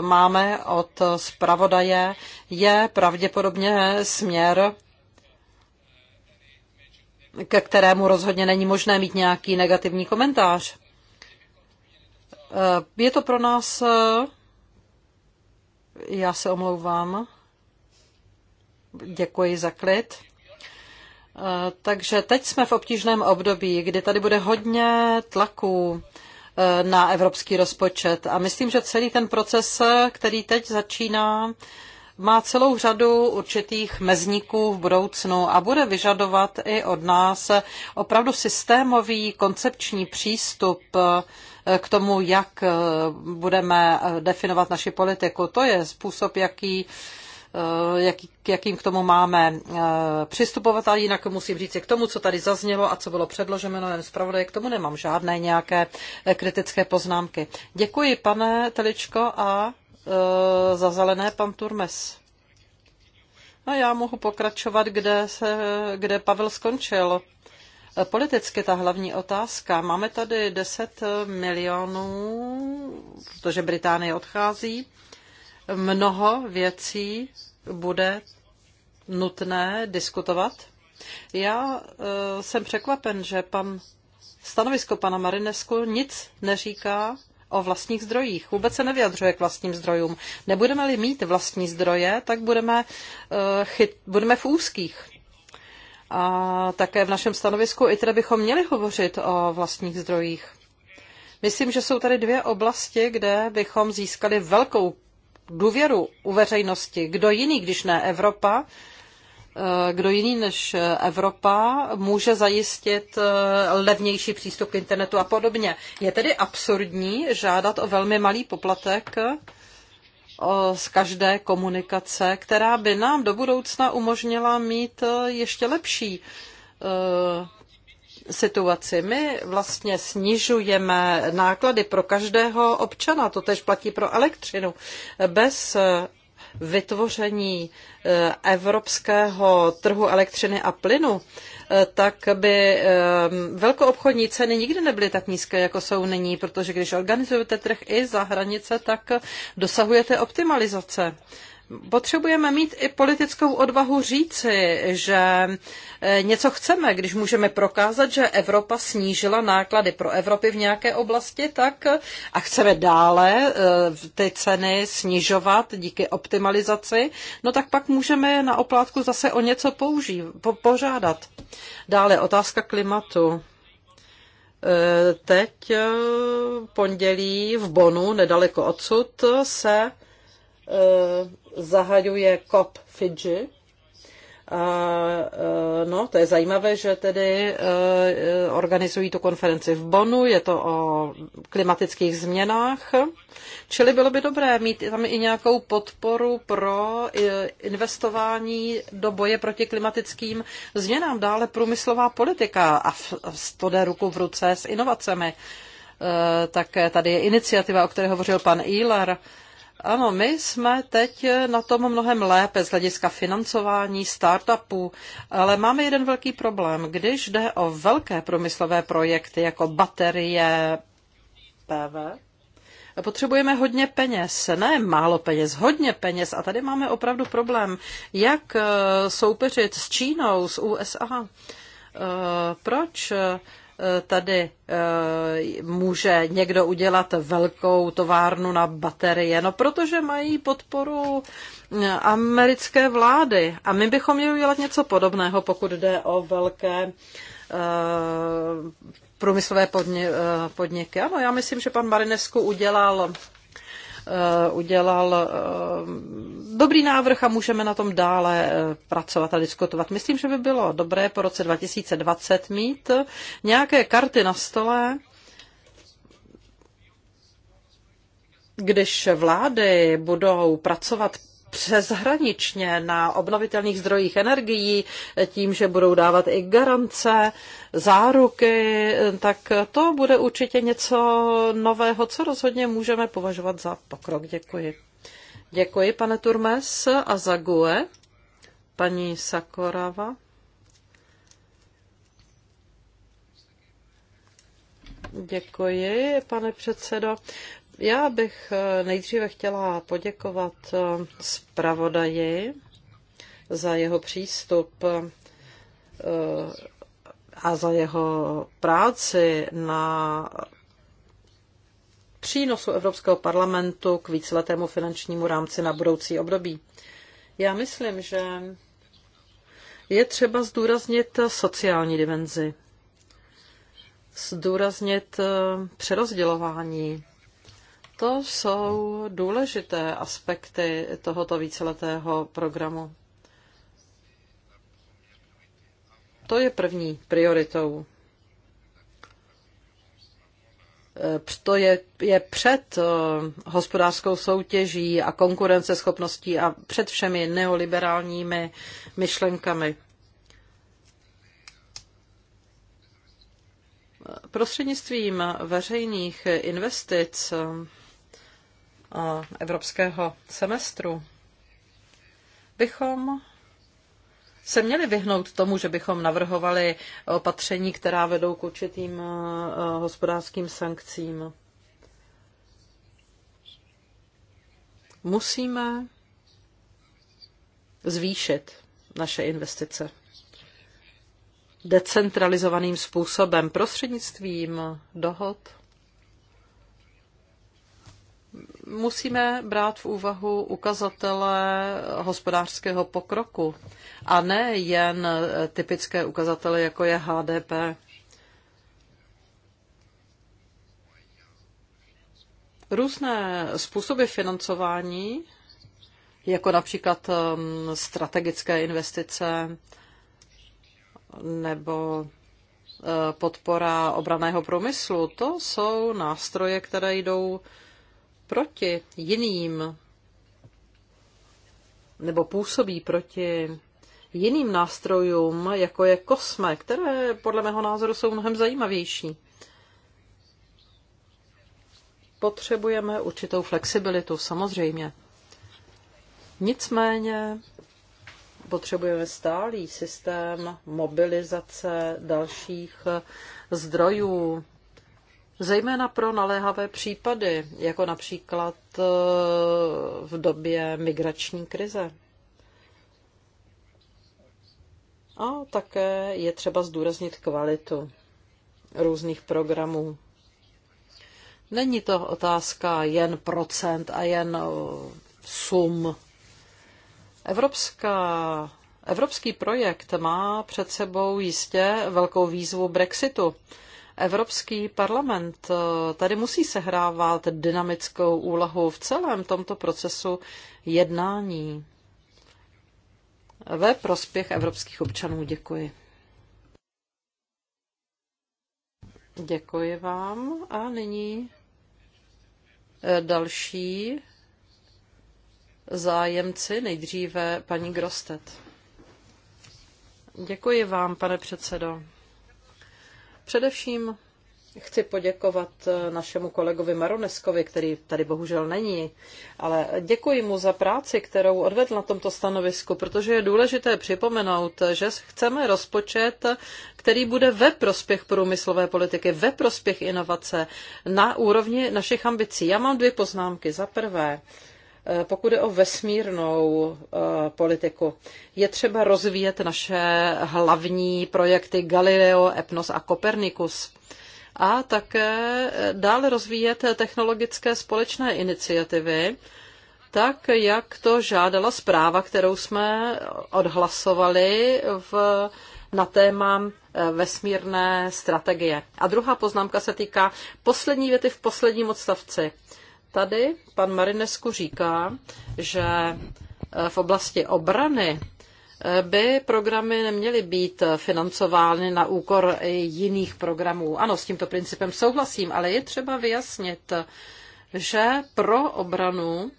máme od zpravodaje, je pravděpodobně směr, ke kterému rozhodně není možné mít nějaký negativní komentář. Eh, je to pro nás, eh, já se omlouvám, děkuji za klid. Eh, takže teď jsme v obtížném období, kdy tady bude hodně tlaku na evropský rozpočet. A myslím, že celý ten proces, který teď začíná, má celou řadu určitých mezníků v budoucnu a bude vyžadovat i od nás opravdu systémový koncepční přístup eh, k tomu, jak eh, budeme eh, definovat naši politiku. To je způsob, jaký jaký, jakým k tomu máme přistupovat a jinak musím říct, k tomu, co tady zaznělo a co bylo předloženo jen zpravodaj, k tomu nemám žádné nějaké kritické poznámky. Děkuji, pane Teličko, a Eh, za zelené pan Turmes. A já mohu pokračovat, kde, se, kde Pavel skončil. Eh, politicky ta hlavní otázka. Máme tady 10 milionů, protože Británie odchází. Mnoho věcí bude nutné diskutovat. Já eh, jsem překvapen, že pan stanovisko pana Marinesku nic neříká o vlastních zdrojích. Vůbec se nevyjadřuje k vlastním zdrojům. Nebudeme-li mít vlastní zdroje, tak budeme, eh, chyt, budeme v úzkých. A také v našem stanovisku i tedy bychom měli hovořit o vlastních zdrojích. Myslím, že jsou tady dvě oblasti, kde bychom získali velkou důvěru u veřejnosti. Kdo jiný, když ne Evropa, Eh, kdo jiný než Evropa může zajistit eh, levnější přístup k internetu a podobně. Je tedy absurdní žádat o velmi malý poplatek eh, z každé komunikace, která by nám do budoucna umožnila mít ještě lepší situaci. My vlastně snižujeme náklady pro každého občana, to tež platí pro elektřinu. Bez vytvoření eh, evropského trhu elektřiny a plynu, eh, tak by eh, velkoobchodní ceny nikdy nebyly tak nízké, jako jsou nyní, protože když organizujete trh i za hranice, tak dosahujete optimalizace. Potřebujeme mít i politickou odvahu říci, že e, něco chceme, když můžeme prokázat, že Evropa snížila náklady pro Evropy v nějaké oblasti, tak e, a chceme dále e, ty ceny snižovat díky optimalizaci, no tak pak můžeme na oplátku zase o něco použít, po, požádat. Dále otázka klimatu. Teď pondělí v Bonu, nedaleko odsud, se zahajuje COP Fidži. A, no, to je zajímavé, že tedy e, e, organizují tu konferenci v Bonu, je to o klimatických změnách, čili bylo by dobré mít tam i nějakou podporu pro e, investování do boje proti klimatickým změnám, dále průmyslová politika a to jde ruku v ruce s inovacemi. Tak tady je iniciativa, o které hovořil pan Ílar, ano, my jsme teď na tom mnohem lépe z hlediska financování startupů, ale máme jeden velký problém. Když jde o velké průmyslové projekty jako baterie PV, potřebujeme hodně peněz, ne málo peněz, hodně peněz. A tady máme opravdu problém, jak eh, soupeřit s Čínou, s USA. Eh, proč tady eh, může někdo udělat velkou továrnu na baterie, no protože mají podporu eh, americké vlády. A my bychom měli udělat něco podobného, pokud jde o velké eh, průmyslové podniky. Ano, já myslím, že pan Marinesku udělal Eh, udělal eh, dobrý návrh a můžeme na tom dále eh, pracovat a diskutovat. Myslím, že by bylo dobré po roce 2020 mít nějaké karty na stole, když vlády budou pracovat přeshraničně na obnovitelných zdrojích energií, tím, že budou dávat i garance, záruky, tak to bude určitě něco nového, co rozhodně můžeme považovat za pokrok. Děkuji. Děkuji, pane Turmes, a za GUE, paní Sakorava. Děkuji, pane předsedo. Já bych eh, nejdříve chtěla poděkovat eh, zpravodaji za jeho přístup eh, a za jeho práci na přínosu Evropského parlamentu k víceletému finančnímu rámci na budoucí období. Já myslím, že je třeba zdůraznit sociální dimenzi, zdůraznit přerozdělování to jsou důležité aspekty tohoto víceletého programu. To je první prioritou. Eh, to je, je před eh, hospodářskou soutěží a konkurenceschopností a před všemi neoliberálními myšlenkami. Prostřednictvím veřejných investic evropského semestru, bychom se měli vyhnout tomu, že bychom navrhovali opatření, která vedou k určitým eh, hospodářským sankcím. Musíme zvýšit naše investice decentralizovaným způsobem prostřednictvím dohod musíme brát v úvahu ukazatele hospodářského pokroku a ne jen typické ukazatele, jako je HDP. Různé způsoby financování, jako například um, strategické investice nebo uh, podpora obraného průmyslu, to jsou nástroje, které jdou proti jiným nebo působí proti jiným nástrojům, jako je kosme, které podle mého názoru jsou mnohem zajímavější. Potřebujeme určitou flexibilitu, samozřejmě. Nicméně potřebujeme stálý systém mobilizace dalších zdrojů zejména pro naléhavé případy, jako například eh, v době migrační krize. A také je třeba zdůraznit kvalitu různých programů. Není to otázka jen procent a jen eh, sum. Evropská, evropský projekt má před sebou jistě velkou výzvu Brexitu. Evropský parlament eh, tady musí sehrávat dynamickou úlohu v celém tomto procesu jednání ve prospěch evropských občanů. Děkuji. Děkuji vám. A nyní eh, další zájemci, nejdříve paní Grostet. Děkuji vám, pane předsedo. Především chci poděkovat eh, našemu kolegovi Maroneskovi, který tady bohužel není, ale děkuji mu za práci, kterou odvedl na tomto stanovisku, protože je důležité připomenout, že chceme rozpočet, který bude ve prospěch průmyslové politiky, ve prospěch inovace na úrovni našich ambicí. Já mám dvě poznámky. Za prvé, Eh, pokud je o vesmírnou eh, politiku, je třeba rozvíjet naše hlavní projekty Galileo, Epnos a Copernicus a také eh, dále rozvíjet technologické společné iniciativy, tak jak to žádala zpráva, kterou jsme odhlasovali v, na téma vesmírné strategie. A druhá poznámka se týká poslední věty v posledním odstavci. Tady pan Marinesku říká, že eh, v oblasti obrany eh, by programy neměly být financovány na úkor jiných programů. Ano, s tímto principem souhlasím, ale je třeba vyjasnit, že pro obranu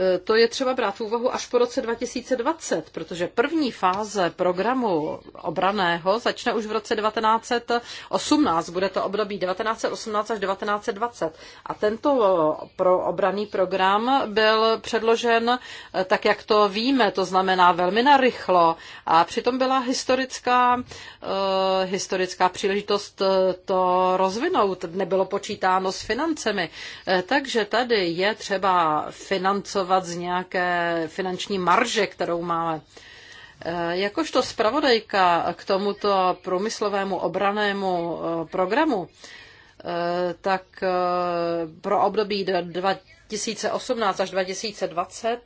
E, to je třeba brát v úvahu až po roce 2020, protože první fáze programu obraného začne už v roce 1918, bude to období 1918 až 1920. A tento pro obraný program byl předložen e, tak, jak to víme, to znamená velmi narychlo a přitom byla historická, e, historická příležitost to rozvinout, nebylo počítáno s financemi. Takže tady je třeba financovat profitovat z nějaké finanční marže, kterou máme. Eh, jakožto zpravodajka k tomuto průmyslovému obranému eh, programu, eh, tak pro období 2018 až 2020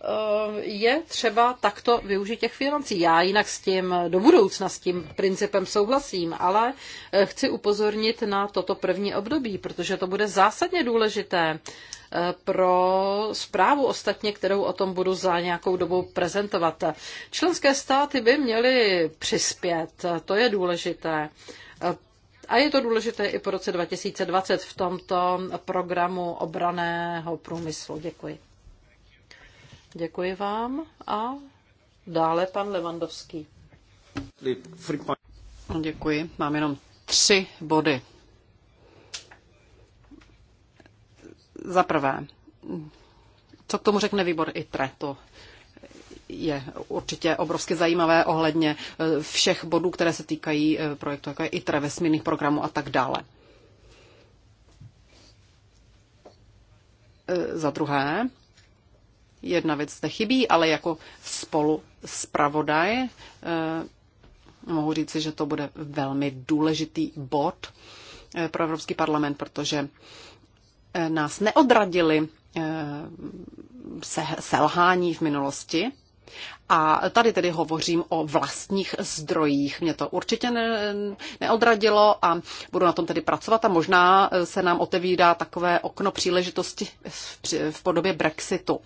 Ehm, je třeba takto využít těch financí. Já jinak s tím do budoucna s tím principem souhlasím, ale eh, chci upozornit na toto první období, protože to bude zásadně důležité eh, pro zprávu ostatně, kterou o tom budu za nějakou dobu prezentovat. Členské státy by měly přispět, to je důležité. A je to důležité i po roce 2020 v tomto programu obraného průmyslu. Děkuji. Děkuji vám a dále pan Levandovský. Děkuji. Mám jenom tři body. Za prvé, co k tomu řekne výbor ITRE? To je určitě obrovsky zajímavé ohledně eh, všech bodů, které se týkají eh, projektu, jako je ITRE, vesmírných programů a tak dále. Eh, za druhé, Jedna věc zde chybí, ale jako spolu zpravodaj eh, mohu říci, že to bude velmi důležitý bod eh, pro Evropský parlament, protože eh, nás neodradili eh, se, selhání v minulosti, a tady tedy hovořím o vlastních zdrojích. Mě to určitě ne, neodradilo a budu na tom tedy pracovat a možná eh, se nám otevírá takové okno příležitosti v, v podobě Brexitu.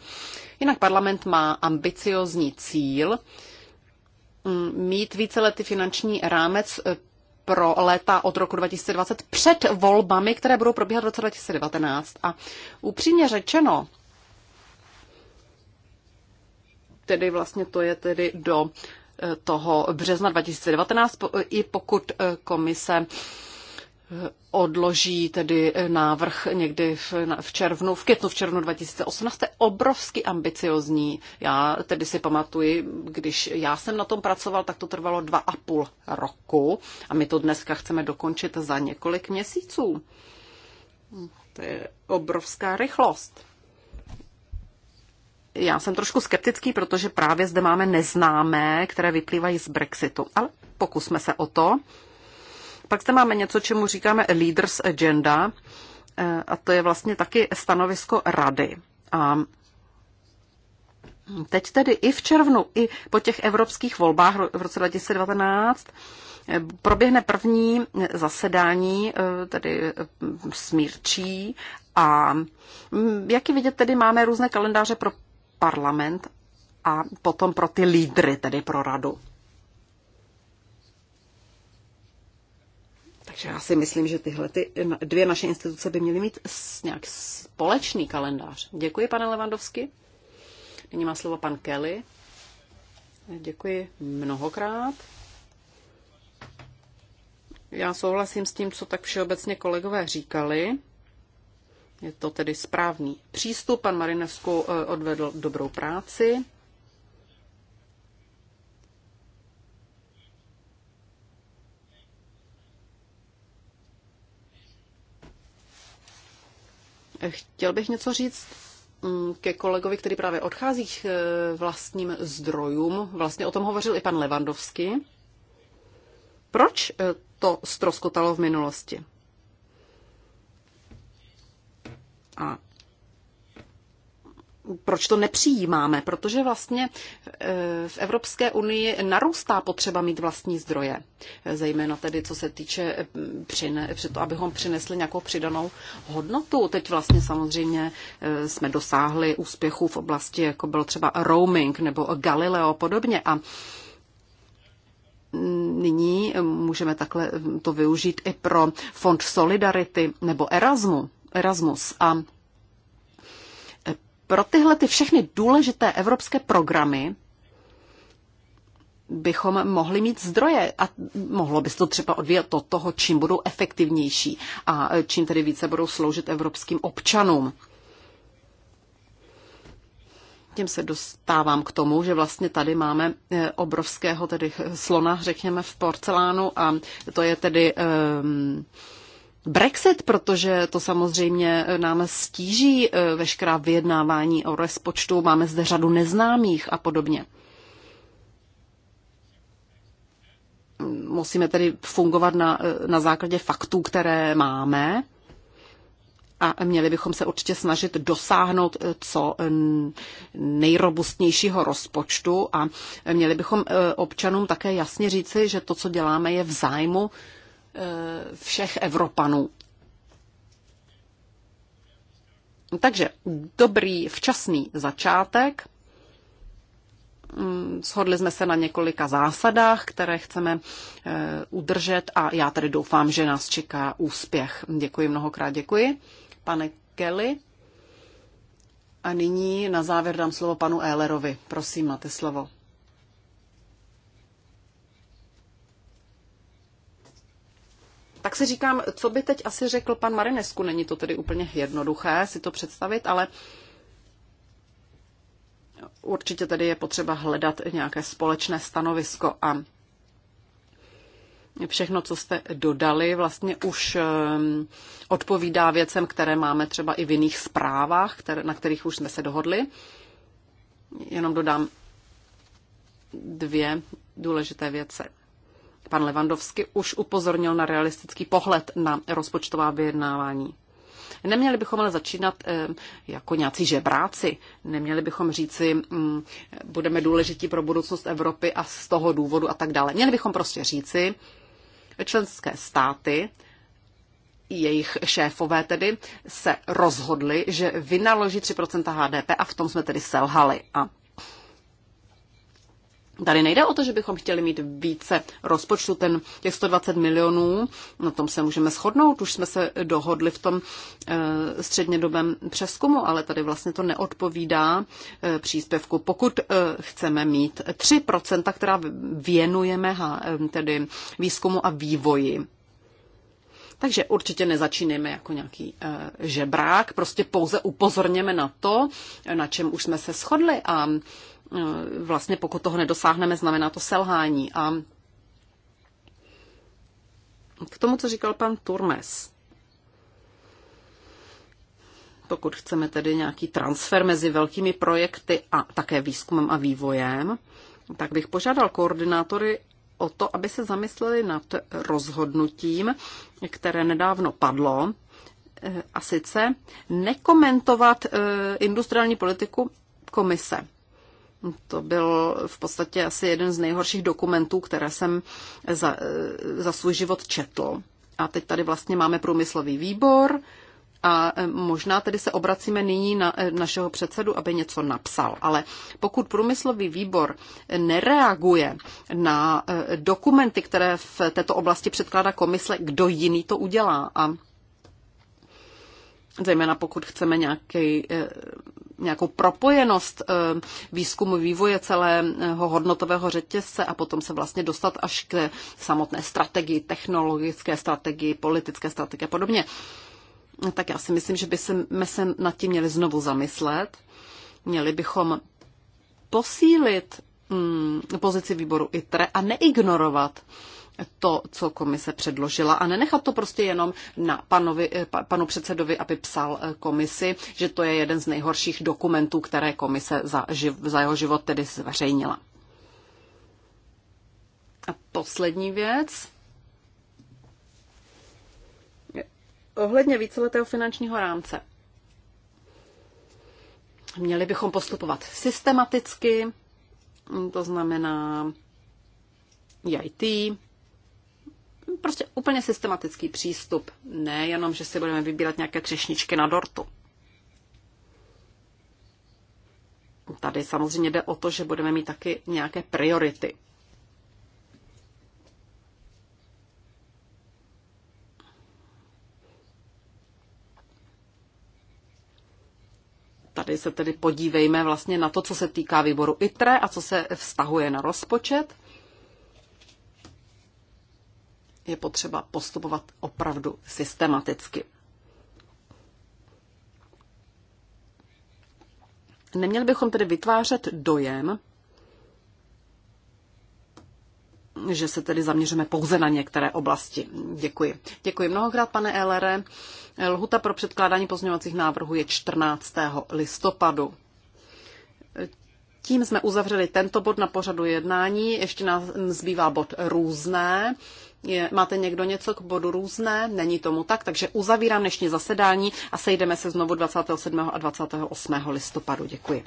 Jinak parlament má ambiciozní cíl mm, mít víceletý finanční rámec eh, pro léta od roku 2020 před volbami, které budou probíhat v roce 2019. A upřímně řečeno, tedy vlastně to je tedy do eh, toho března 2019, eh, i pokud eh, komise odloží tedy návrh někdy v, v červnu, v květnu, v červnu 2018. To je obrovsky ambiciozní. Já tedy si pamatuji, když já jsem na tom pracoval, tak to trvalo dva a půl roku a my to dneska chceme dokončit za několik měsíců. To je obrovská rychlost já jsem trošku skeptický, protože právě zde máme neznámé, které vyplývají z Brexitu. Ale pokusme se o to. Pak zde máme něco, čemu říkáme Leaders Agenda, eh, a to je vlastně taky stanovisko rady. A teď tedy i v červnu, i po těch evropských volbách v roce 2019 eh, proběhne první zasedání, eh, tedy smírčí a mm, jak je vidět, tedy máme různé kalendáře pro parlament a potom pro ty lídry, tedy pro radu. Takže já si myslím, že tyhle ty dvě naše instituce by měly mít nějak společný kalendář. Děkuji, pane Levandovsky. Nyní má slovo pan Kelly. Děkuji mnohokrát. Já souhlasím s tím, co tak všeobecně kolegové říkali. Je to tedy správný přístup. Pan Marinesku eh, odvedl dobrou práci. Chtěl bych něco říct mm, ke kolegovi, který právě odchází k eh, vlastním zdrojům. Vlastně o tom hovořil i pan Levandovský. Proč eh, to stroskotalo v minulosti? A proč to nepřijímáme? Protože vlastně e, v Evropské unii narůstá potřeba mít vlastní zdroje, zejména tedy co se týče, e, přine, to, abychom přinesli nějakou přidanou hodnotu. Teď vlastně samozřejmě e, jsme dosáhli úspěchů v oblasti, jako byl třeba roaming nebo Galileo a podobně. A nyní můžeme takhle to využít i pro Fond Solidarity nebo Erasmu. Erasmus. A e, pro tyhle ty všechny důležité evropské programy bychom mohli mít zdroje a mohlo by se to třeba odvíjet od toho, čím budou efektivnější a e, čím tedy více budou sloužit evropským občanům. Tím se dostávám k tomu, že vlastně tady máme e, obrovského tedy slona, řekněme, v porcelánu a to je tedy um, Brexit, protože to samozřejmě nám stíží eh, veškerá vyjednávání o rozpočtu, máme zde řadu neznámých a podobně. Musíme tedy fungovat na, eh, na základě faktů, které máme a měli bychom se určitě snažit dosáhnout eh, co nejrobustnějšího rozpočtu a měli bychom občanům také jasně říci, že to, co děláme, je v zájmu Eh, všech Evropanů. Takže dobrý včasný začátek. Mm, shodli jsme se na několika zásadách, které chceme eh, udržet a já tedy doufám, že nás čeká úspěch. Děkuji mnohokrát, děkuji. Pane Kelly. A nyní na závěr dám slovo panu Ehlerovi. Prosím, máte slovo. tak si říkám, co by teď asi řekl pan Marinesku. Není to tedy úplně jednoduché si to představit, ale určitě tedy je potřeba hledat nějaké společné stanovisko a všechno, co jste dodali, vlastně už ehm, odpovídá věcem, které máme třeba i v jiných zprávách, na kterých už jsme se dohodli. Jenom dodám dvě důležité věce. Pan Levandovsky už upozornil na realistický pohled na rozpočtová vyjednávání. Neměli bychom ale začínat eh, jako nějací žebráci. Neměli bychom říci, mm, budeme důležití pro budoucnost Evropy a z toho důvodu a tak dále. Měli bychom prostě říci, členské státy, jejich šéfové tedy, se rozhodli, že vynaloží 3% HDP a v tom jsme tedy selhali. A Tady nejde o to, že bychom chtěli mít více rozpočtu, ten těch 120 milionů, na tom se můžeme shodnout, už jsme se dohodli v tom e, střednědobém přeskumu, ale tady vlastně to neodpovídá e, příspěvku. Pokud e, chceme mít 3%, která věnujeme ha, e, tedy výzkumu a vývoji, takže určitě nezačínáme jako nějaký e, žebrák, prostě pouze upozorněme na to, na čem už jsme se shodli a Eh, vlastně pokud toho nedosáhneme, znamená to selhání. A k tomu, co říkal pan Turmes, pokud chceme tedy nějaký transfer mezi velkými projekty a také výzkumem a vývojem, tak bych požádal koordinátory o to, aby se zamysleli nad rozhodnutím, které nedávno padlo, eh, a sice nekomentovat eh, industriální politiku komise. To byl v podstatě asi jeden z nejhorších dokumentů, které jsem za, za svůj život četl. A teď tady vlastně máme průmyslový výbor a e, možná tedy se obracíme nyní na e, našeho předsedu, aby něco napsal. Ale pokud průmyslový výbor nereaguje na e, dokumenty, které v této oblasti předkládá komise, kdo jiný to udělá? A zejména pokud chceme nějaký nějakou propojenost eh, výzkumu vývoje celého hodnotového řetězce a potom se vlastně dostat až k samotné strategii, technologické strategii, politické strategii a podobně. Tak já si myslím, že bychom se nad tím měli znovu zamyslet. Měli bychom posílit mm, pozici výboru ITRE a neignorovat uh, to, co komise předložila a nenechat to prostě jenom na panovi, eh, panu předsedovi, aby psal eh, komisi, že to je jeden z nejhorších dokumentů, které komise za, živ, za jeho život tedy zveřejnila. A poslední věc. Ohledně víceletého finančního rámce. Měli bychom postupovat systematicky, to znamená EIT, prostě úplně systematický přístup. Ne jenom, že si budeme vybírat nějaké třešničky na dortu. Tady samozřejmě jde o to, že budeme mít taky nějaké priority. Tady se tedy podívejme vlastně na to, co se týká výboru ITRE a co se vztahuje na rozpočet je potřeba postupovat opravdu systematicky. Neměli bychom tedy vytvářet dojem, že se tedy zaměříme pouze na některé oblasti. Děkuji. Děkuji mnohokrát, pane LR. Lhuta pro předkládání pozměňovacích návrhů je 14. listopadu. Tím jsme uzavřeli tento bod na pořadu jednání. Ještě nám zbývá bod různé. Je, máte někdo něco k bodu různé? Není tomu tak, takže uzavírám dnešní zasedání a sejdeme se znovu 27. a 28. listopadu. Děkuji.